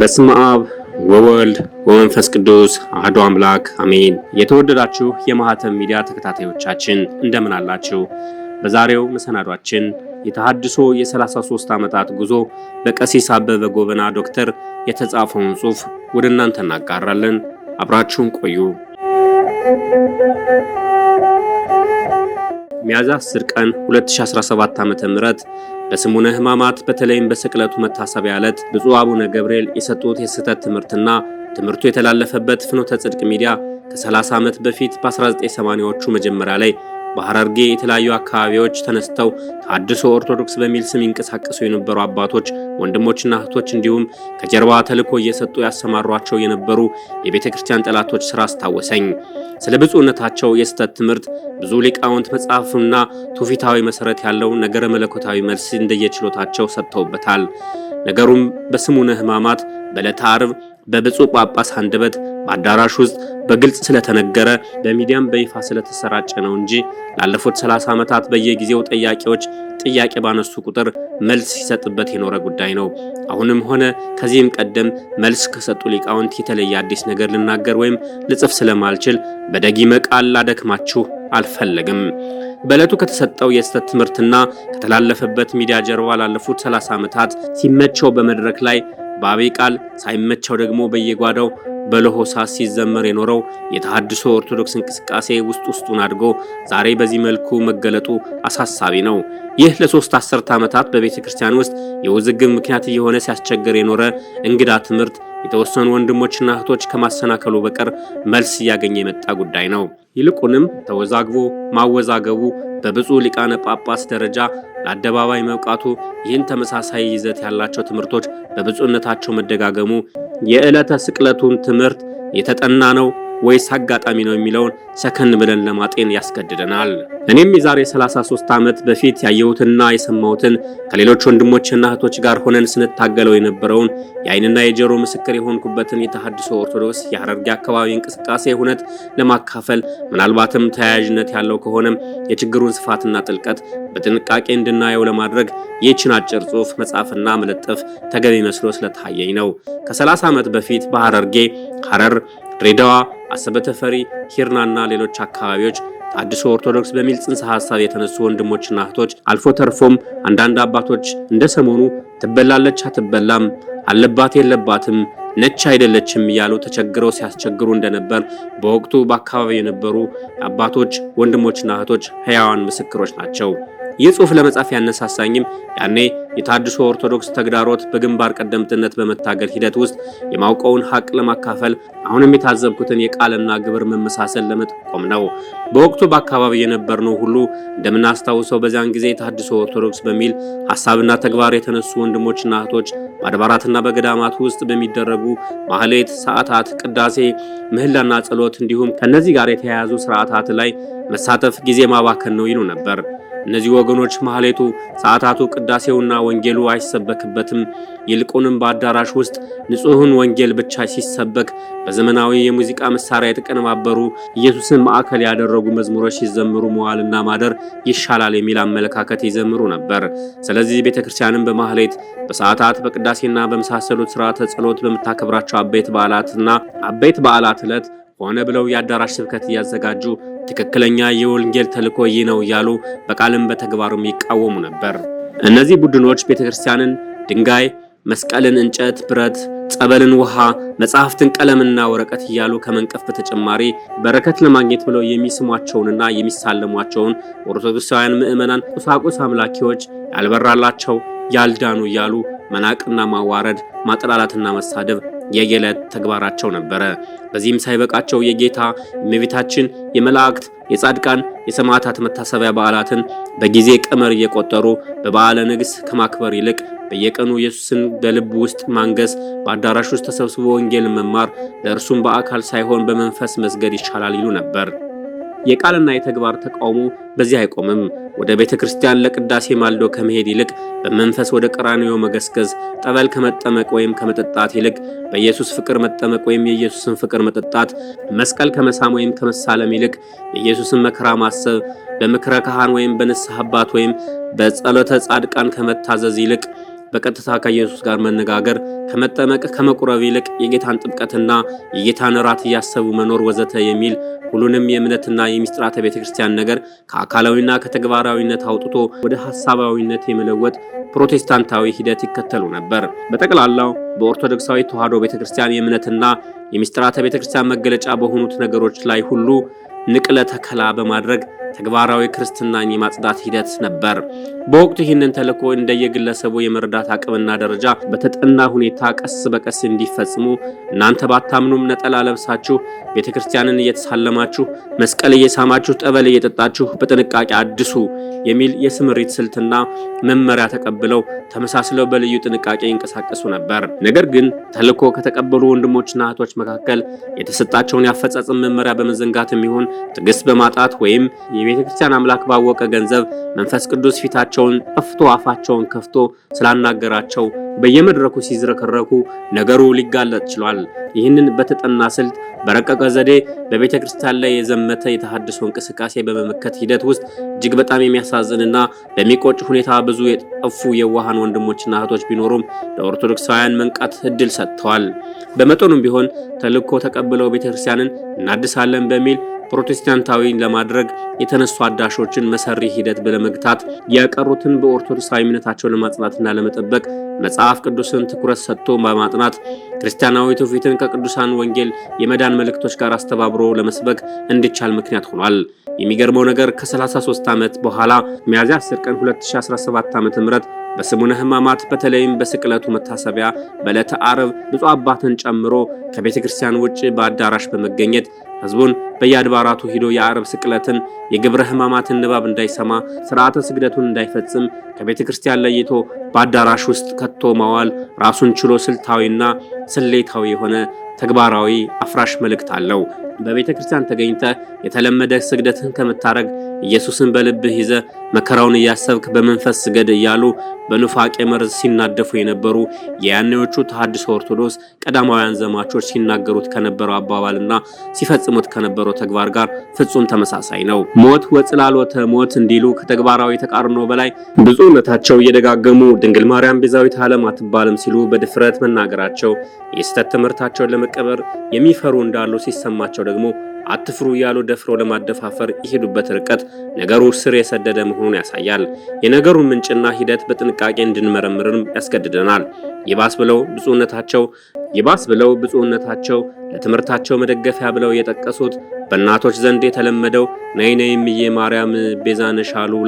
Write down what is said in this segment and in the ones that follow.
በስመ አብ ወወልድ ወመንፈስ ቅዱስ አህዶ አምላክ አሜን። የተወደዳችሁ የማህተብ ሚዲያ ተከታታዮቻችን እንደምን አላችሁ? በዛሬው መሰናዷችን የተሃድሶ የ33 ዓመታት ጉዞ በቀሲስ አበበ ጎበና ዶክተር የተጻፈውን ጽሑፍ ወደ እናንተ እናጋራለን። አብራችሁን ቆዩ። ሚያዝያ 10 ቀን 2017 ዓ.ም በስሙነ ሕማማት በተለይም በስቅለቱ መታሰቢያ ዕለት ብፁዕ አቡነ ገብርኤል የሰጡት የስህተት ትምህርትና ትምህርቱ የተላለፈበት ፍኖተ ጽድቅ ሚዲያ ከ30 ዓመት በፊት በ1980ዎቹ መጀመሪያ ላይ በሐረርጌ የተለያዩ አካባቢዎች ተነስተው ታድሶ ኦርቶዶክስ በሚል ስም ይንቀሳቀሱ የነበሩ አባቶች፣ ወንድሞችና እህቶች እንዲሁም ከጀርባ ተልዕኮ እየሰጡ ያሰማሯቸው የነበሩ የቤተ ክርስቲያን ጠላቶች ስራ አስታወሰኝ። ስለ ብፁዕነታቸው የስህተት ትምህርት ብዙ ሊቃውንት መጽሐፍና ትውፊታዊ መሰረት ያለው ነገረ መለኮታዊ መልስ እንደየችሎታቸው ሰጥተውበታል። ነገሩም በስሙነ ሕማማት በዕለተ ዓርብ በብፁዕ ጳጳስ አንደበት በአዳራሽ ውስጥ በግልጽ ስለተነገረ በሚዲያም በይፋ ስለተሰራጨ ነው እንጂ ላለፉት 30 ዓመታት በየጊዜው ጠያቂዎች ጥያቄ ባነሱ ቁጥር መልስ ሲሰጥበት የኖረ ጉዳይ ነው። አሁንም ሆነ ከዚህም ቀደም መልስ ከሰጡ ሊቃውንት የተለየ አዲስ ነገር ልናገር ወይም ልጽፍ ስለማልችል በደጊመ ቃል ላደክማችሁ አልፈለግም። በዕለቱ ከተሰጠው የስተት ትምህርትና ከተላለፈበት ሚዲያ ጀርባ ላለፉት 30 ዓመታት ሲመቸው በመድረክ ላይ በአቤ ቃል ሳይመቸው ደግሞ በየጓዳው በለሆሳ ሲዘመር የኖረው የተሃድሶ ኦርቶዶክስ እንቅስቃሴ ውስጥ ውስጡን አድጎ ዛሬ በዚህ መልኩ መገለጡ አሳሳቢ ነው። ይህ ለሶስት አስርት ዓመታት በቤተ ክርስቲያን ውስጥ የውዝግብ ምክንያት እየሆነ ሲያስቸግር የኖረ እንግዳ ትምህርት የተወሰኑ ወንድሞችና እህቶች ከማሰናከሉ በቀር መልስ እያገኘ የመጣ ጉዳይ ነው። ይልቁንም ተወዛግቦ ማወዛገቡ በብፁዕ ሊቃነ ጳጳስ ደረጃ ለአደባባይ መብቃቱ፣ ይህን ተመሳሳይ ይዘት ያላቸው ትምህርቶች በብፁዕነታቸው መደጋገሙ የዕለተ ስቅለቱን ትምህርት የተጠና ነው ወይስ አጋጣሚ ነው የሚለውን ሰከን ብለን ለማጤን ያስገድደናል። እኔም የዛሬ 33 ዓመት በፊት ያየሁትና የሰማሁትን ከሌሎች ወንድሞችና እህቶች ጋር ሆነን ስንታገለው የነበረውን የአይንና የጆሮ ምስክር የሆንኩበትን የተሃድሶ ኦርቶዶክስ የሐረርጌ አካባቢ እንቅስቃሴ ሁነት ለማካፈል ምናልባትም ተያያዥነት ያለው ከሆነም የችግሩን ስፋትና ጥልቀት በጥንቃቄ እንድናየው ለማድረግ ይህችን አጭር ጽሑፍ መጻፍና መለጠፍ ተገቢ መስሎ ስለታየኝ ነው። ከ30 ዓመት በፊት በሐረርጌ ሐረር ድሬዳዋ፣ አሰበ ተፈሪ፣ ሂርናና ሌሎች አካባቢዎች አዲሱ ኦርቶዶክስ በሚል ጽንሰ ሐሳብ የተነሱ ወንድሞችና እህቶች አልፎ ተርፎም አንዳንድ አባቶች እንደ ሰሞኑ ትበላለች አትበላም፣ አለባት የለባትም፣ ነች አይደለችም እያሉ ተቸግረው ሲያስቸግሩ እንደነበር በወቅቱ በአካባቢው የነበሩ አባቶች ወንድሞችና እህቶች ሕያዋን ምስክሮች ናቸው። ይህ ጽሑፍ ለመጻፍ ያነሳሳኝም ያኔ የታድሶ ኦርቶዶክስ ተግዳሮት በግንባር ቀደምትነት በመታገል ሂደት ውስጥ የማውቀውን ሀቅ ለማካፈል አሁንም የታዘብኩትን የቃልና ግብር መመሳሰል ለመጠቆም ነው። በወቅቱ በአካባቢ የነበርነው ሁሉ እንደምናስታውሰው በዚያን ጊዜ የታድሶ ኦርቶዶክስ በሚል ሀሳብና ተግባር የተነሱ ወንድሞችና እህቶች በአድባራትና በገዳማት ውስጥ በሚደረጉ ማህሌት፣ ሰዓታት፣ ቅዳሴ፣ ምህላና ጸሎት እንዲሁም ከእነዚህ ጋር የተያያዙ ስርዓታት ላይ መሳተፍ ጊዜ ማባከን ነው ይሉ ነበር። እነዚህ ወገኖች ማህሌቱ፣ ሰዓታቱ፣ ቅዳሴውና ወንጌሉ አይሰበክበትም። ይልቁንም በአዳራሽ ውስጥ ንጹሕን ወንጌል ብቻ ሲሰበክ በዘመናዊ የሙዚቃ መሳሪያ የተቀነባበሩ ኢየሱስን ማዕከል ያደረጉ መዝሙሮች ሲዘምሩ መዋልና ማደር ይሻላል የሚል አመለካከት ይዘምሩ ነበር። ስለዚህ ቤተ ክርስቲያንም በማህሌት በሰዓታት በቅዳሴና በመሳሰሉት ሥርዓተ ጸሎት በምታከብራቸው አበይት በዓላትና አበይት በዓላት ዕለት ሆነ ብለው የአዳራሽ ስብከት እያዘጋጁ ትክክለኛ የወንጌል ተልእኮ ይህ ነው እያሉ በቃልም በተግባሩም ይቃወሙ ነበር። እነዚህ ቡድኖች ቤተክርስቲያንን ድንጋይ፣ መስቀልን እንጨት፣ ብረት ጸበልን ውሃ፣ መጽሐፍትን ቀለምና ወረቀት እያሉ ከመንቀፍ በተጨማሪ በረከት ለማግኘት ብለው የሚስሟቸውንና የሚሳለሟቸውን ኦርቶዶክሳውያን ምዕመናን ቁሳቁስ አምላኪዎች፣ ያልበራላቸው፣ ያልዳኑ እያሉ መናቅና ማዋረድ፣ ማጠላላትና መሳደብ የየዕለት ተግባራቸው ነበረ። በዚህም ሳይበቃቸው የጌታ የእመቤታችን፣ የመላእክት፣ የጻድቃን፣ የሰማዕታት መታሰቢያ በዓላትን በጊዜ ቀመር እየቆጠሩ በበዓለ ንግሥ ከማክበር ይልቅ በየቀኑ ኢየሱስን በልብ ውስጥ ማንገስ፣ በአዳራሽ ውስጥ ተሰብስቦ ወንጌልን መማር፣ ለእርሱም በአካል ሳይሆን በመንፈስ መስገድ ይሻላል ይሉ ነበር። የቃልና የተግባር ተቃውሞ በዚህ አይቆምም። ወደ ቤተ ክርስቲያን ለቅዳሴ ማልዶ ከመሄድ ይልቅ በመንፈስ ወደ ቀራንዮ መገስገዝ፣ ጠበል ከመጠመቅ ወይም ከመጠጣት ይልቅ በኢየሱስ ፍቅር መጠመቅ ወይም የኢየሱስን ፍቅር መጠጣት፣ መስቀል ከመሳም ወይም ከመሳለም ይልቅ የኢየሱስን መከራ ማሰብ፣ በምክረ ካህን ወይም በንስሐ አባት ወይም በጸሎተ ጻድቃን ከመታዘዝ ይልቅ በቀጥታ ከኢየሱስ ጋር መነጋገር ከመጠመቅ ከመቁረብ ይልቅ የጌታን ጥምቀትና የጌታን እራት እያሰቡ መኖር ወዘተ የሚል ሁሉንም የእምነትና የሚስጥራተ ቤተ ክርስቲያን ነገር ከአካላዊና ከተግባራዊነት አውጥቶ ወደ ሀሳባዊነት የመለወጥ ፕሮቴስታንታዊ ሂደት ይከተሉ ነበር። በጠቅላላው በኦርቶዶክሳዊ ተዋሕዶ ቤተ ክርስቲያን የእምነትና የሚስጥራተ ቤተ ክርስቲያን መገለጫ በሆኑት ነገሮች ላይ ሁሉ ንቅለ ተከላ በማድረግ ተግባራዊ ክርስትናን የማጽዳት ሂደት ነበር። በወቅቱ ይህንን ተልዕኮ እንደየግለሰቡ የመረዳት አቅምና ደረጃ በተጠና ሁኔታ ቀስ በቀስ እንዲፈጽሙ እናንተ ባታምኑም ነጠላ ለብሳችሁ ቤተ ክርስቲያንን እየተሳለማችሁ መስቀል እየሳማችሁ ጠበል እየጠጣችሁ በጥንቃቄ አድሱ የሚል የስምሪት ስልትና መመሪያ ተቀብለው ተመሳስለው በልዩ ጥንቃቄ ይንቀሳቀሱ ነበር። ነገር ግን ተልዕኮ ከተቀበሉ ወንድሞችና እህቶች መካከል የተሰጣቸውን ያፈጻጸም መመሪያ በመዘንጋት የሚሆን ትዕግስት በማጣት ወይም የቤተ ክርስቲያን አምላክ ባወቀ ገንዘብ መንፈስ ቅዱስ ፊታቸውን ጠፍቶ አፋቸውን ከፍቶ ስላናገራቸው በየመድረኩ ሲዝረከረኩ ነገሩ ሊጋለጥ ችሏል። ይህንን በተጠና ስልት በረቀቀ ዘዴ በቤተ ክርስቲያን ላይ የዘመተ የተሃድሶ እንቅስቃሴ በመመከት ሂደት ውስጥ እጅግ በጣም የሚያሳዝንና በሚቆጭ ሁኔታ ብዙ የጠፉ የዋሃን ወንድሞችና እህቶች ቢኖሩም ለኦርቶዶክሳውያን መንቃት እድል ሰጥተዋል። በመጠኑም ቢሆን ተልእኮ ተቀብለው ቤተ ክርስቲያንን እናድሳለን በሚል ፕሮቴስታንታዊን ለማድረግ የተነሱ አዳሾችን መሰሪ ሂደት በለመግታት ያቀሩትን በኦርቶዶክሳዊ እምነታቸው ለማጽናትና ለመጠበቅ መጽሐፍ ቅዱስን ትኩረት ሰጥቶ በማጥናት ክርስቲያናዊ ትውፊትን ከቅዱሳን ወንጌል የመዳን መልእክቶች ጋር አስተባብሮ አብሮ ለመስበክ እንዲቻል ምክንያት ሆኗል። የሚገርመው ነገር ከ33 ዓመት በኋላ ሚያዝያ 10 ቀን 2017 ዓ.ም በሰሙነ ሕማማት በተለይም በስቅለቱ መታሰቢያ በዕለተ ዓርብ ብፁዕ አባትን ጨምሮ ከቤተ ክርስቲያን ውጭ በአዳራሽ በመገኘት ሕዝቡን በየአድባራቱ ሂዶ የዓርብ ስቅለትን የግብረ ሕማማትን ንባብ እንዳይሰማ፣ ስርዓተ ስግደቱን እንዳይፈጽም ከቤተ ክርስቲያን ለይቶ በአዳራሽ ውስጥ ከቶ ማዋል ራሱን ችሎ ስልታዊና ስሌታዊ የሆነ ተግባራዊ አፍራሽ መልእክት አለው። በቤተ ክርስቲያን ተገኝተ የተለመደ ስግደትህን ከምታረግ ኢየሱስን በልብህ ይዘ መከራውን እያሰብክ በመንፈስ ስገድ እያሉ በኑፋቄ መርዝ ሲናደፉ የነበሩ የያኔዎቹ ተሐድሶ ኦርቶዶክስ ቀዳማውያን ዘማቾች ሲናገሩት ከነበረው አባባልና ሲፈጽሙት ከነበረው ተግባር ጋር ፍጹም ተመሳሳይ ነው። ሞት ወጽላሎተ ሞት እንዲሉ ከተግባራዊ ተቃርኖ በላይ ብፁዕነታቸው እየደጋገሙ ድንግል ማርያም ቤዛዊት ዓለም አትባልም ሲሉ በድፍረት መናገራቸው የስህተት ትምህርታቸውን ለመቀበር የሚፈሩ እንዳሉ ሲሰማቸው ደግሞ አትፍሩ እያሉ ደፍረው ለማደፋፈር የሄዱበት ርቀት ነገሩ ስር የሰደደ መሆኑን ያሳያል። የነገሩን ምንጭና ሂደት በጥንቃቄ እንድንመረምርም ያስገድደናል። ይባስ ብለው ብፁዕነታቸው ይባስ ብለው ብፁዕነታቸው ለትምህርታቸው መደገፊያ ብለው የጠቀሱት በእናቶች ዘንድ የተለመደው ነይ ነይ እምዬ ማርያም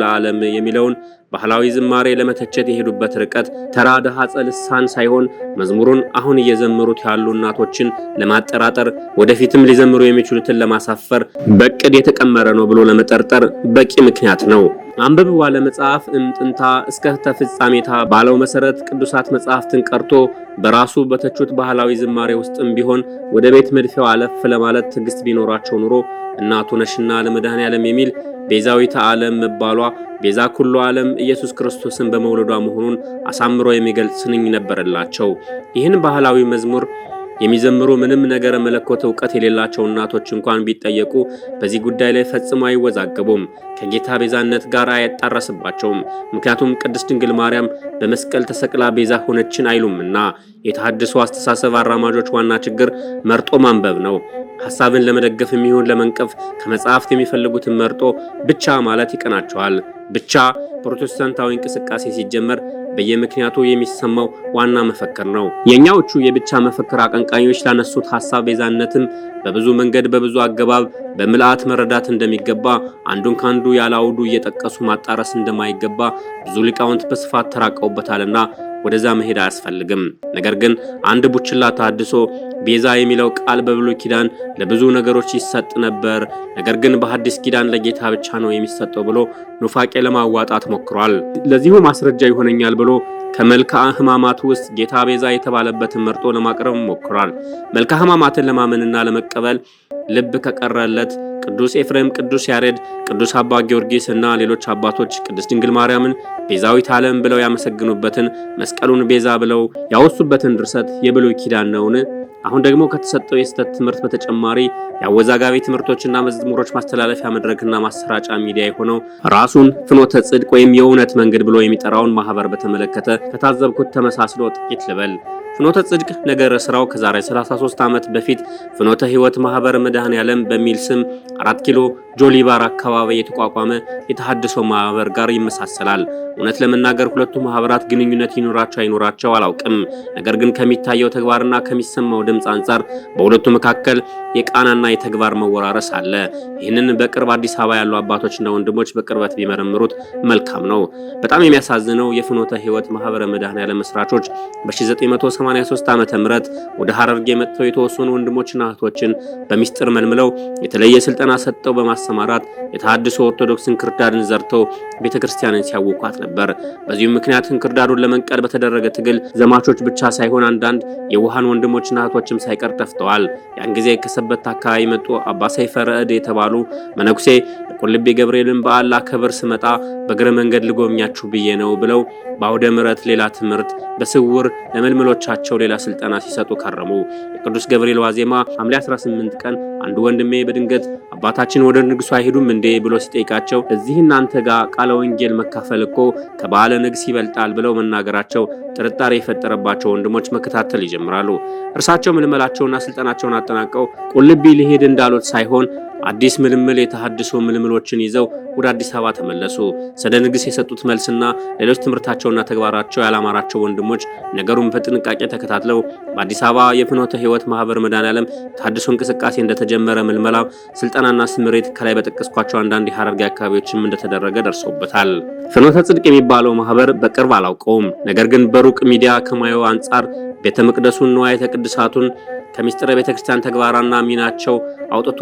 ለዓለም የሚለውን ባህላዊ ዝማሬ ለመተቸት የሄዱበት ርቀት ተራ ደሃጸ ልሳን ሳይሆን መዝሙሩን አሁን እየዘመሩት ያሉ እናቶችን ለማጠራጠር ወደፊትም ሊዘምሩ የሚችሉትን ለማሳፈር በቅድ የተቀመረ ነው ብሎ ለመጠርጠር በቂ ምክንያት ነው። ዋለ መጽሐፍ እምጥንታ እስከ ተፍጻሜታ ባለው መሰረት ቅዱሳት መጽሐፍትን ቀርቶ በራሱ በተቹት ባህላዊ ዝማሬ ውስጥም ቢሆን ወደ ቤት መድፌው አለፍ ለማለት ትዕግስት ቢኖራቸው ኑሮ እናቱ ነሽና ለመድኃኔ ዓለም የሚል ቤዛዊተ ዓለም መባሏ ቤዛ ኩሉ ዓለም ኢየሱስ ክርስቶስን በመውለዷ መሆኑን አሳምሮ የሚገልጽ ስንኝ ነበረላቸው። ይህን ባህላዊ መዝሙር የሚዘምሩ ምንም ነገረ መለኮት እውቀት የሌላቸው እናቶች እንኳን ቢጠየቁ በዚህ ጉዳይ ላይ ፈጽሞ አይወዛገቡም፣ ከጌታ ቤዛነት ጋር አይጣረስባቸውም። ምክንያቱም ቅድስት ድንግል ማርያም በመስቀል ተሰቅላ ቤዛ ሆነችን አይሉምና። የተሐድሶ አስተሳሰብ አራማጆች ዋና ችግር መርጦ ማንበብ ነው። ሐሳብን ለመደገፍ የሚሆን ለመንቀፍ ከመጽሐፍት የሚፈልጉትን መርጦ ብቻ ማለት ይቀናቸዋል። ብቻ ፕሮቴስታንታዊ እንቅስቃሴ ሲጀመር በየምክንያቱ የሚሰማው ዋና መፈክር ነው። የእኛዎቹ የብቻ መፈክር አቀንቃኞች ላነሱት ሀሳብ ቤዛነትም በብዙ መንገድ በብዙ አገባብ በምልአት መረዳት እንደሚገባ አንዱን ካንዱ ያለ አውዱ እየጠቀሱ ማጣረስ እንደማይገባ ብዙ ሊቃውንት በስፋት ተራቀውበታልና ወደዛ መሄድ አያስፈልግም። ነገር ግን አንድ ቡችላ ታድሶ ቤዛ የሚለው ቃል በብሉይ ኪዳን ለብዙ ነገሮች ይሰጥ ነበር፣ ነገር ግን በሐዲስ ኪዳን ለጌታ ብቻ ነው የሚሰጠው ብሎ ኑፋቄ ለማዋጣት ሞክሯል። ለዚሁ ማስረጃ ይሆነኛል ብሎ ከመልክዓ ሕማማት ውስጥ ጌታ ቤዛ የተባለበትን መርጦ ለማቅረብ ሞክሯል። መልክዓ ሕማማትን ለማመንና ለመቀበል ልብ ከቀረለት ቅዱስ ኤፍሬም፣ ቅዱስ ያሬድ፣ ቅዱስ አባ ጊዮርጊስ እና ሌሎች አባቶች ቅድስት ድንግል ማርያምን ቤዛዊት ዓለም ብለው ያመሰግኑበትን መስቀሉን ቤዛ ብለው ያወሱበትን ድርሰት የብሉይ ኪዳን ነውን? አሁን ደግሞ ከተሰጠው የስህተት ትምህርት በተጨማሪ የአወዛጋቢ ትምህርቶችና መዝሙሮች ማስተላለፊያ መድረክና ማሰራጫ ሚዲያ የሆነው ራሱን ፍኖተ ጽድቅ ወይም የእውነት መንገድ ብሎ የሚጠራውን ማህበር በተመለከተ ከታዘብኩት ተመሳስሎ ጥቂት ልበል። ፍኖተ ጽድቅ ነገረ ስራው ከዛሬ 33 ዓመት በፊት ፍኖተ ህይወት ማህበር መድኃኔ ዓለም በሚል ስም አራት ኪሎ ጆሊባር አካባቢ የተቋቋመ የተሃድሶ ማህበር ጋር ይመሳሰላል። እውነት ለመናገር ሁለቱ ማህበራት ግንኙነት ይኖራቸው አይኖራቸው አላውቅም። ነገር ግን ከሚታየው ተግባርና ከሚሰማው ድምፅ አንጻር በሁለቱ መካከል የቃናና የተግባር መወራረስ አለ። ይህንን በቅርብ አዲስ አበባ ያሉ አባቶችና ወንድሞች በቅርበት ቢመረምሩት መልካም ነው። በጣም የሚያሳዝነው የፍኖተ ህይወት ማህበረ መድኃኔዓለም መስራቾች በ1983 ዓ ም ወደ ሀረርጌ መጥተው የተወሰኑ ወንድሞችና እህቶችን በሚስጥር መልምለው የተለየ ስልጠና ሰጠው በማሳ በማሰማራት የተሐድሶ ኦርቶዶክስን ክርዳድን ዘርተው ቤተ ክርስቲያንን ሲያወኳት ነበር። በዚሁም ምክንያት እንክርዳዱን ለመንቀል በተደረገ ትግል ዘማቾች ብቻ ሳይሆን አንዳንድ የውሃን ወንድሞችና እህቶችም ሳይቀር ጠፍተዋል። ያን ጊዜ ከሰበት አካባቢ መጡ አባ ሰይፈ ረዕድ የተባሉ መነኩሴ የቁልቤ ገብርኤልን በዓል ላከብር ስመጣ በእግረ መንገድ ልጎብኛችሁ ብዬ ነው ብለው በአውደ ምረት ሌላ ትምህርት በስውር ለመልመሎቻቸው ሌላ ስልጠና ሲሰጡ ከረሙ። የቅዱስ ገብርኤል ዋዜማ ሐምሌ 18 ቀን አንድ ወንድሜ በድንገት አባታችን ወደ ንግሱ አይሄዱም እንዴ ብሎ ሲጠይቃቸው እዚህ እናንተ ጋር ቃለ ወንጌል መካፈል እኮ ከባለ ንግስ ይበልጣል ብለው መናገራቸው ጥርጣሬ የፈጠረባቸው ወንድሞች መከታተል ይጀምራሉ። እርሳቸው ምልመላቸውና ስልጠናቸውን አጠናቀው ቁልቢ ሊሄድ እንዳሉት ሳይሆን አዲስ ምልምል የተሐድሶ ምልምሎችን ይዘው ወደ አዲስ አበባ ተመለሱ። ሰደ ንግስ የሰጡት መልስና ሌሎች ትምህርታቸውና ተግባራቸው ያላማራቸው ወንድሞች ነገሩን በጥንቃቄ ተከታትለው በአዲስ አበባ የፍኖተ ህይወት ማህበር መድኃኔዓለም ተሐድሶ እንቅስቃሴ እንደተ የተጀመረ ምልመላ፣ ስልጠናና ስምሬት ከላይ በጠቀስኳቸው አንዳንድ የሀረርጌ አካባቢዎችም እንደተደረገ ደርሶበታል። ፍኖተ ጽድቅ የሚባለው ማህበር በቅርብ አላውቀውም። ነገር ግን በሩቅ ሚዲያ ከማየው አንጻር ቤተ መቅደሱን ንዋየተ ቅድሳቱን ከሚስጥረ ቤተ ክርስቲያን ተግባራና ሚናቸው አውጥቶ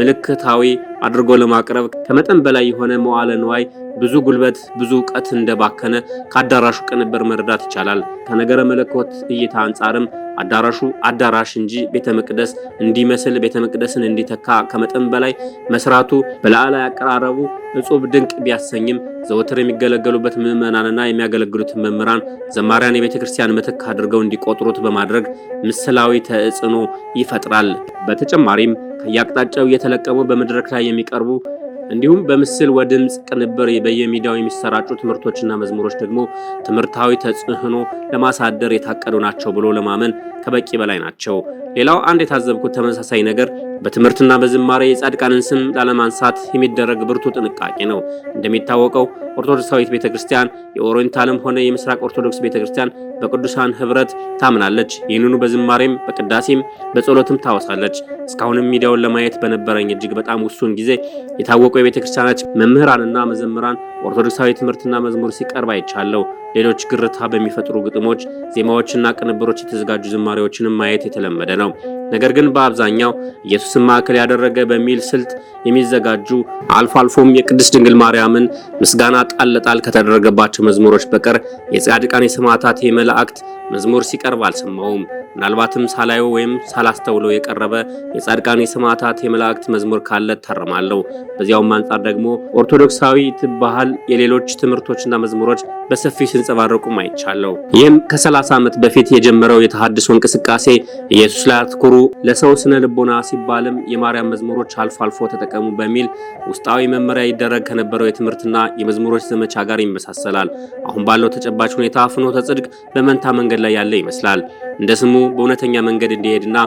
ምልክታዊ አድርጎ ለማቅረብ ከመጠን በላይ የሆነ መዋለ ንዋይ ብዙ ጉልበት፣ ብዙ እውቀት እንደባከነ ከአዳራሹ ቅንብር መረዳት ይቻላል። ከነገረ መለኮት እይታ አንጻርም አዳራሹ አዳራሽ እንጂ ቤተ መቅደስ እንዲመስል ቤተ መቅደስን እንዲተካ ከመጠን በላይ መስራቱ በላዕላ ያቀራረቡ እጹብ ድንቅ ቢያሰኝም ዘወትር የሚገለገሉበት ምዕመናንና የሚያገለግሉትን መምህራን ዘማሪያን የቤተ ክርስቲያን ምትክ አድርገው እንዲቆጥሩት በማድረግ ምስላዊ ተጽዕኖ ይፈጥራል። በተጨማሪም ከየአቅጣጫው እየተለቀሙ በመድረክ ላይ የሚቀርቡ እንዲሁም በምስል ወድምፅ ቅንብር በየሚዲያው የሚሰራጩ ትምህርቶችና መዝሙሮች ደግሞ ትምህርታዊ ተጽዕኖ ለማሳደር የታቀዱ ናቸው ብሎ ለማመን ከበቂ በላይ ናቸው። ሌላው አንድ የታዘብኩት ተመሳሳይ ነገር በትምህርትና በዝማሬ የጻድቃንን ስም ላለማንሳት የሚደረግ ብርቱ ጥንቃቄ ነው። እንደሚታወቀው ኦርቶዶክሳዊት ቤተ ክርስቲያን የኦሪየንታልም ሆነ የምስራቅ ኦርቶዶክስ ቤተ ክርስቲያን በቅዱሳን ህብረት ታምናለች። ይህንኑ በዝማሬም በቅዳሴም በጸሎትም ታወሳለች። እስካሁንም ሚዲያውን ለማየት በነበረኝ እጅግ በጣም ውሱን ጊዜ የታወቁ የቤተ ክርስቲያናች መምህራንና መዘምራን ኦርቶዶክሳዊ ትምህርትና መዝሙር ሲቀርብ አይቻለሁ። ሌሎች ግርታ በሚፈጥሩ ግጥሞች፣ ዜማዎችና ቅንብሮች የተዘጋጁ ዝማሬዎችንም ማየት የተለመደ ነው። ነገር ግን በአብዛኛው ኢየሱስን ማዕከል ያደረገ በሚል ስልት የሚዘጋጁ አልፎ አልፎም የቅድስት ድንግል ማርያምን ምስጋና ጣል ለጣል ከተደረገባቸው መዝሙሮች በቀር የጻድቃን የሰማዕታት የመ መላእክት መዝሙር ሲቀርብ አልሰማውም። ምናልባትም ሳላየው ወይም ሳላስተውለው የቀረበ የጻድቃን የሰማዕታት የመላእክት መዝሙር ካለ እታረማለሁ። በዚያውም አንጻር ደግሞ ኦርቶዶክሳዊ ባህል የሌሎች ትምህርቶችና መዝሙሮች በሰፊው ሲንጸባረቁ አይቻለሁ። ይህም ከ30 ዓመት በፊት የጀመረው የተሃድሶ እንቅስቃሴ ኢየሱስ ላይ አትኩሩ፣ ለሰው ስነ ልቦና ሲባልም የማርያም መዝሙሮች አልፎ አልፎ ተጠቀሙ በሚል ውስጣዊ መመሪያ ይደረግ ከነበረው የትምህርትና የመዝሙሮች ዘመቻ ጋር ይመሳሰላል። አሁን ባለው ተጨባጭ ሁኔታ ፍኖተ ጽድቅ በመንታ መንገድ ላይ ያለ ይመስላል እንደ ስሙ በእውነተኛ መንገድ እንዲሄድና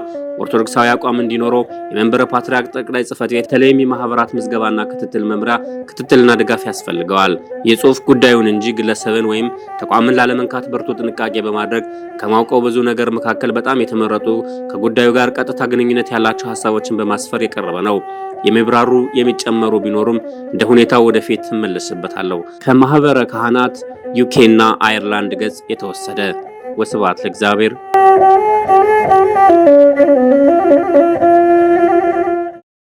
ኦርቶዶክሳዊ አቋም እንዲኖረው የመንበረ ፓትርያርክ ጠቅላይ ጽህፈት ቤት በተለይም የማህበራት ምዝገባና ክትትል መምሪያ ክትትልና ድጋፍ ያስፈልገዋል። የጽሁፍ ጉዳዩን እንጂ ግለሰብን ወይም ተቋምን ላለመንካት በርቶ ጥንቃቄ በማድረግ ከማውቀው ብዙ ነገር መካከል በጣም የተመረጡ ከጉዳዩ ጋር ቀጥታ ግንኙነት ያላቸው ሀሳቦችን በማስፈር የቀረበ ነው። የሚብራሩ የሚጨመሩ ቢኖሩም እንደ ሁኔታው ወደፊት እመለስበታለሁ። ከማህበረ ካህናት ዩኬና አየርላንድ ገጽ የተወሰደ። ወስብሐት ለእግዚአብሔር። Thank you.